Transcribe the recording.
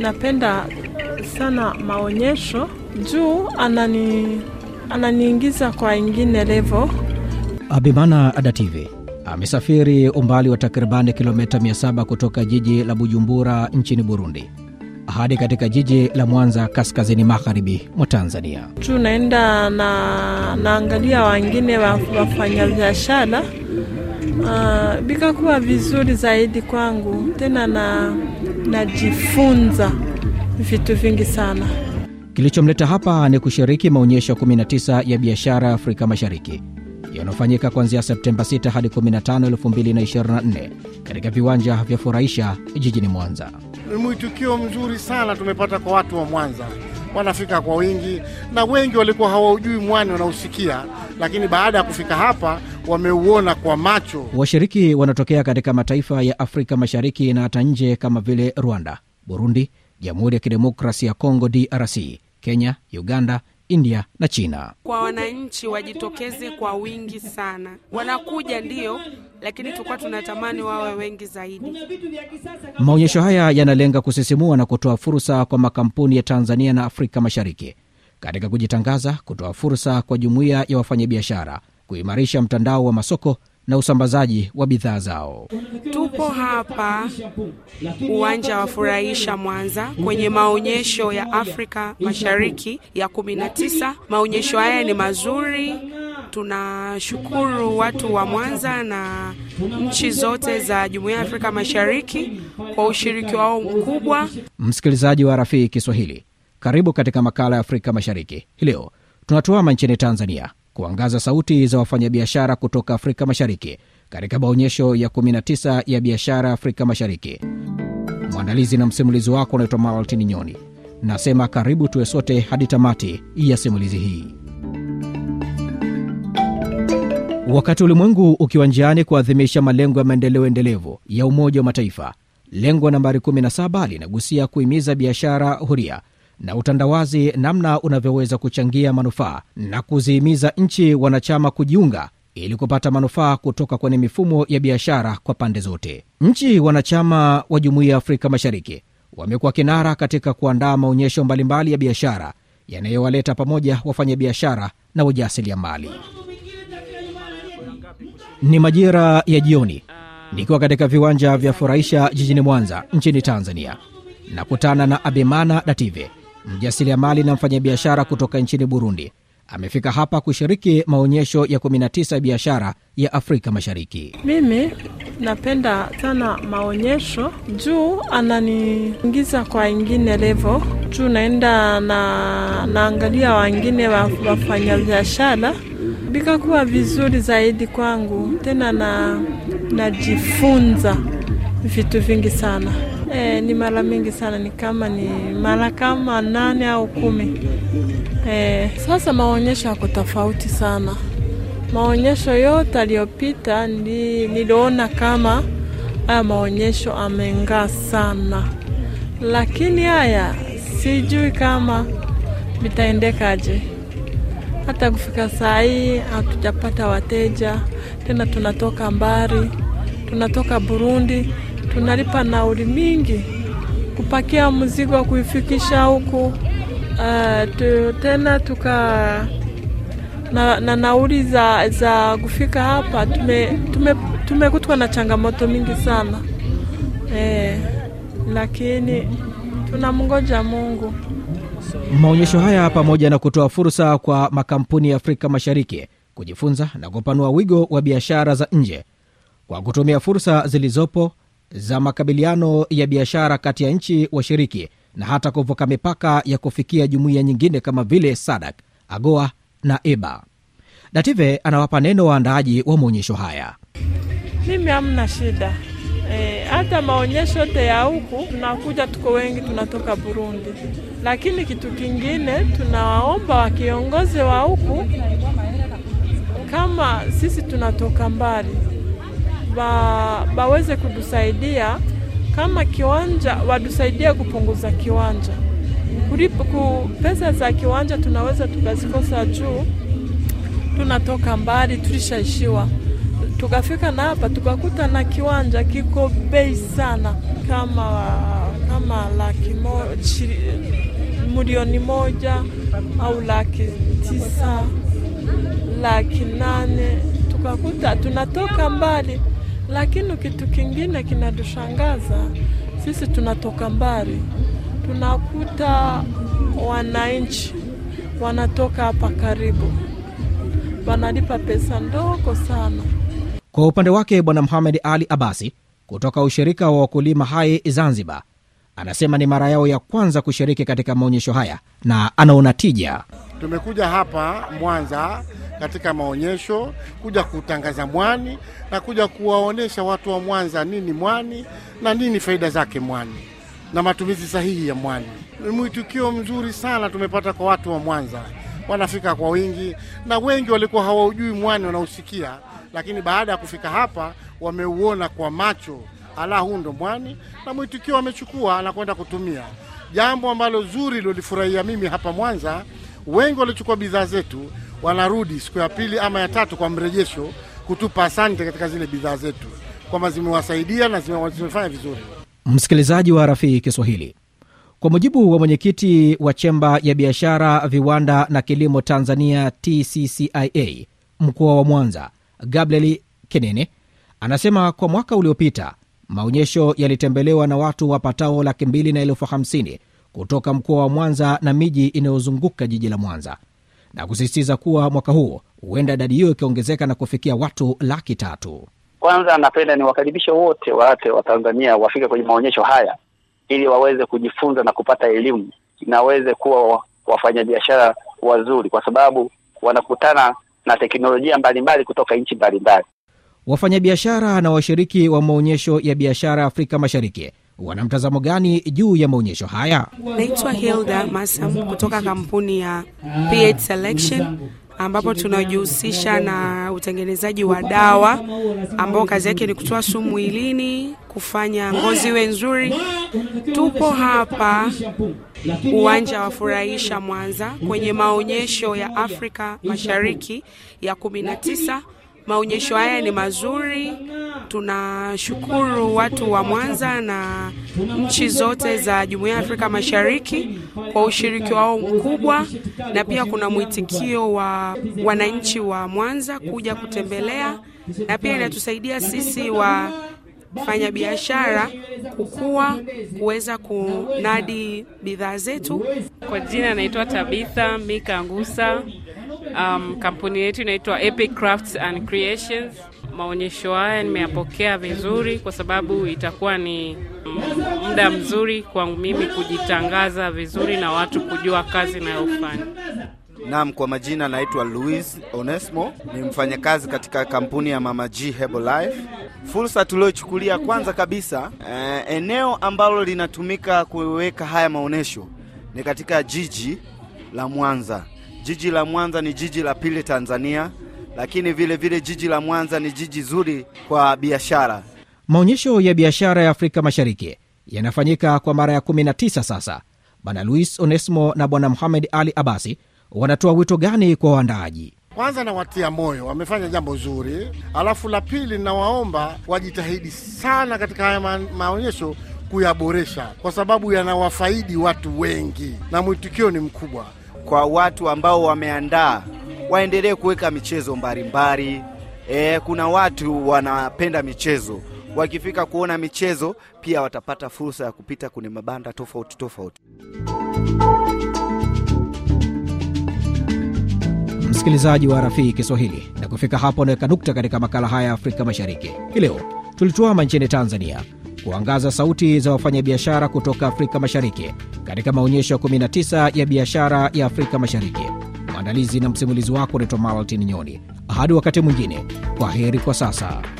napenda sana maonyesho juu anani ananiingiza kwa ingine levo Abimana adatv amesafiri umbali wa takribani kilomita 7 kutoka jiji la Bujumbura nchini Burundi hadi katika jiji la Mwanza kaskazini magharibi mwa Tanzania. Tunaenda na naangalia wengine wafanyabiashara uh, ah, kuwa vizuri zaidi kwangu, tena na najifunza vitu vingi sana. Kilichomleta hapa ni kushiriki maonyesho 19 ya biashara Afrika Mashariki yanayofanyika kuanzia Septemba 6 hadi 15, 224 katika viwanja vya Furahisha jijini Mwanza. Ni mwitukio mzuri sana tumepata kwa watu wa Mwanza, wanafika kwa wingi, na wengi walikuwa hawaujui mwani, wanahusikia lakini baada ya kufika hapa wameuona kwa macho. Washiriki wanatokea katika mataifa ya Afrika Mashariki na hata nje kama vile Rwanda, Burundi, Jamhuri ya Kidemokrasi ya Kongo DRC, Kenya, Uganda, India na China. Kwa wananchi wajitokeze kwa wingi sana, wanakuja ndio, lakini tukuwa tunatamani wawe wengi zaidi. Maonyesho haya yanalenga kusisimua na kutoa fursa kwa makampuni ya Tanzania na Afrika Mashariki katika kujitangaza, kutoa fursa kwa jumuiya ya wafanyabiashara kuimarisha mtandao wa masoko na usambazaji wa bidhaa zao. Tupo hapa uwanja wa furahisha Mwanza kwenye maonyesho ya Afrika Mashariki ya 19. Maonyesho haya ni mazuri. Tunashukuru watu wa Mwanza na nchi zote za Jumuiya ya Afrika Mashariki kwa ushiriki wao mkubwa. Msikilizaji wa Rafii Kiswahili, karibu katika makala ya Afrika Mashariki. Hii leo tunatuama nchini Tanzania kuangaza sauti za wafanyabiashara kutoka Afrika Mashariki katika maonyesho ya 19 ya biashara Afrika Mashariki. Mwandalizi na msimulizi wako unaitwa Maltini Nyoni. Nasema karibu tuwe sote hadi tamati ya simulizi hii. Wakati ulimwengu ukiwa njiani kuadhimisha malengo ya maendeleo endelevu ya Umoja wa Mataifa, lengo nambari 17 linagusia kuhimiza biashara huria na utandawazi namna unavyoweza kuchangia manufaa na kuzihimiza nchi wanachama kujiunga ili kupata manufaa kutoka kwenye mifumo ya biashara kwa pande zote. Nchi wanachama wa Jumuiya ya Afrika Mashariki wamekuwa kinara katika kuandaa maonyesho mbalimbali ya biashara yanayowaleta pamoja wafanyabiashara na wajasiriamali. Ni majira ya jioni nikiwa katika viwanja vya furahisha jijini Mwanza nchini Tanzania, nakutana na Abimana Dative mjasiriamali na mfanyabiashara kutoka nchini Burundi amefika hapa kushiriki maonyesho ya 19 ya biashara ya Afrika Mashariki. Mimi napenda sana maonyesho juu ananiingiza kwa ingine levo, juu naenda na naangalia wengine wafanya biashara, vikakuwa vizuri zaidi kwangu, tena na najifunza vitu vingi sana. E, ni mara mingi sana, ni kama ni mara kama nane au kumi. E, sasa maonyesho yako tofauti sana. Maonyesho yote aliyopita niliona kama haya maonyesho amengaa sana, lakini haya sijui kama vitaendekaje. Hata kufika saa hii hatujapata wateja tena, tunatoka mbali, tunatoka Burundi tunalipa nauli mingi kupakia mzigo wa kuifikisha huku. Uh, tena tuka na, na nauli za, za kufika hapa tumekutwa tume, tume na changamoto mingi sana eh, lakini tunamngoja Mungu. Maonyesho haya pamoja na kutoa fursa kwa makampuni ya Afrika Mashariki kujifunza na kupanua wigo wa biashara za nje kwa kutumia fursa zilizopo za makabiliano ya biashara kati ya nchi washiriki na hata kuvuka mipaka ya kufikia jumuiya nyingine kama vile sadak agoa na eba dative anawapa neno waandaaji wa, maonyesho haya mimi hamna shida E, hata maonyesho yote ya huku tunakuja, tuko wengi, tunatoka Burundi. Lakini kitu kingine tunawaomba wakiongozi wa huku, kama sisi tunatoka mbali, ba, baweze kudusaidia kama kiwanja, wadusaidia kupunguza kiwanja kulipo ku pesa za kiwanja tunaweza tukazikosa juu tunatoka mbali, tulishaishiwa tukafika na hapa tukakuta na kiwanja kiko bei sana kama kama laki chiri, milioni moja au laki tisa laki nane tukakuta tunatoka mbali lakini kitu kingine kinatushangaza sisi, tunatoka mbali, tunakuta wananchi wanatoka hapa karibu, wanalipa pesa ndogo sana. Kwa upande wake Bwana Muhamed Ali Abasi kutoka ushirika wa wakulima hai Zanzibar anasema ni mara yao ya kwanza kushiriki katika maonyesho haya na anaona tija. Tumekuja hapa Mwanza katika maonyesho kuja kutangaza mwani na kuja kuwaonyesha watu wa Mwanza nini mwani na nini faida zake mwani na matumizi sahihi ya mwani. Mwitikio mzuri sana tumepata kwa watu wa Mwanza, wanafika kwa wingi, na wengi walikuwa hawaujui mwani, wanausikia, lakini baada ya kufika hapa wameuona kwa macho, ala, huu ndo mwani, na mwitikio wamechukua na kwenda kutumia, jambo ambalo zuri lilolifurahia mimi hapa Mwanza. Wengi waliochukua bidhaa zetu wanarudi siku ya pili ama ya tatu kwa mrejesho kutupa asante katika zile bidhaa zetu kwamba zimewasaidia na zimefanya vizuri. Msikilizaji wa Rafii Kiswahili, kwa mujibu wa mwenyekiti wa chemba ya biashara, viwanda na kilimo Tanzania, TCCIA, mkoa wa Mwanza, Gabriel Kenene anasema kwa mwaka uliopita maonyesho yalitembelewa na watu wapatao laki mbili na elfu hamsini kutoka mkoa wa Mwanza na miji inayozunguka jiji la Mwanza na kusisitiza kuwa mwaka huo huenda idadi hiyo ikiongezeka na kufikia watu laki tatu. Kwanza napenda niwakaribishe wote wate wa Tanzania wafike kwenye maonyesho haya ili waweze kujifunza na kupata elimu na waweze kuwa wafanyabiashara wazuri, kwa sababu wanakutana na teknolojia mbalimbali kutoka nchi mbalimbali. Wafanyabiashara na washiriki wa maonyesho ya biashara Afrika Mashariki wana mtazamo gani juu ya maonyesho haya? Naitwa Hilda Masam kutoka kampuni ya PH Selection ambapo tunajihusisha na utengenezaji wa dawa ambao kazi yake ni kutoa sumu mwilini, kufanya ngozi iwe nzuri. Tupo hapa uwanja wa Furahisha Mwanza kwenye maonyesho ya Afrika Mashariki ya kumi na tisa Maonyesho haya ni mazuri. Tunashukuru watu wa Mwanza na nchi zote za Jumuiya ya Afrika Mashariki kwa ushiriki wao mkubwa, na pia kuna mwitikio wa wananchi wa Mwanza kuja kutembelea, na pia inatusaidia sisi wa fanya biashara kukua, kuweza kunadi bidhaa zetu. Kwa jina naitwa Tabitha Mika Ngusa. Um, kampuni yetu inaitwa Epic Crafts and Creations. Maonyesho haya nimeyapokea vizuri, kwa sababu itakuwa ni muda mzuri kwangu mimi kujitangaza vizuri na watu kujua kazi inayofanya. Naam, kwa majina naitwa louis Onesmo, ni mfanyakazi katika kampuni ya Mama G Herbal Life. Fursa tuliochukulia kwanza kabisa, eh, eneo ambalo linatumika kuweka haya maonyesho ni katika jiji la Mwanza Jiji la Mwanza ni jiji la pili Tanzania, lakini vile vile jiji la Mwanza ni jiji zuri kwa biashara. Maonyesho ya biashara ya Afrika Mashariki yanafanyika kwa mara ya 19 sasa. Bwana Luis Onesmo na Bwana Muhamed Ali Abasi wanatoa wito gani kwa waandaaji? Kwanza nawatia moyo, wamefanya jambo zuri. Alafu la pili, nawaomba wajitahidi sana katika haya maonyesho kuyaboresha, kwa sababu yanawafaidi watu wengi na mwitikio ni mkubwa kwa watu ambao wameandaa waendelee kuweka michezo mbalimbali. E, kuna watu wanapenda michezo, wakifika kuona michezo pia watapata fursa ya kupita kwenye mabanda tofauti tofauti. Msikilizaji wa Rafii Kiswahili, na kufika hapo anaweka nukta katika makala haya ya Afrika Mashariki hii leo. Tulituama nchini Tanzania kuangaza sauti za wafanyabiashara kutoka Afrika Mashariki katika maonyesho 19 ya biashara ya Afrika Mashariki. Mwandalizi na msimulizi wako unaitwa Maltin Nyoni. Hadi wakati mwingine, kwa heri kwa sasa.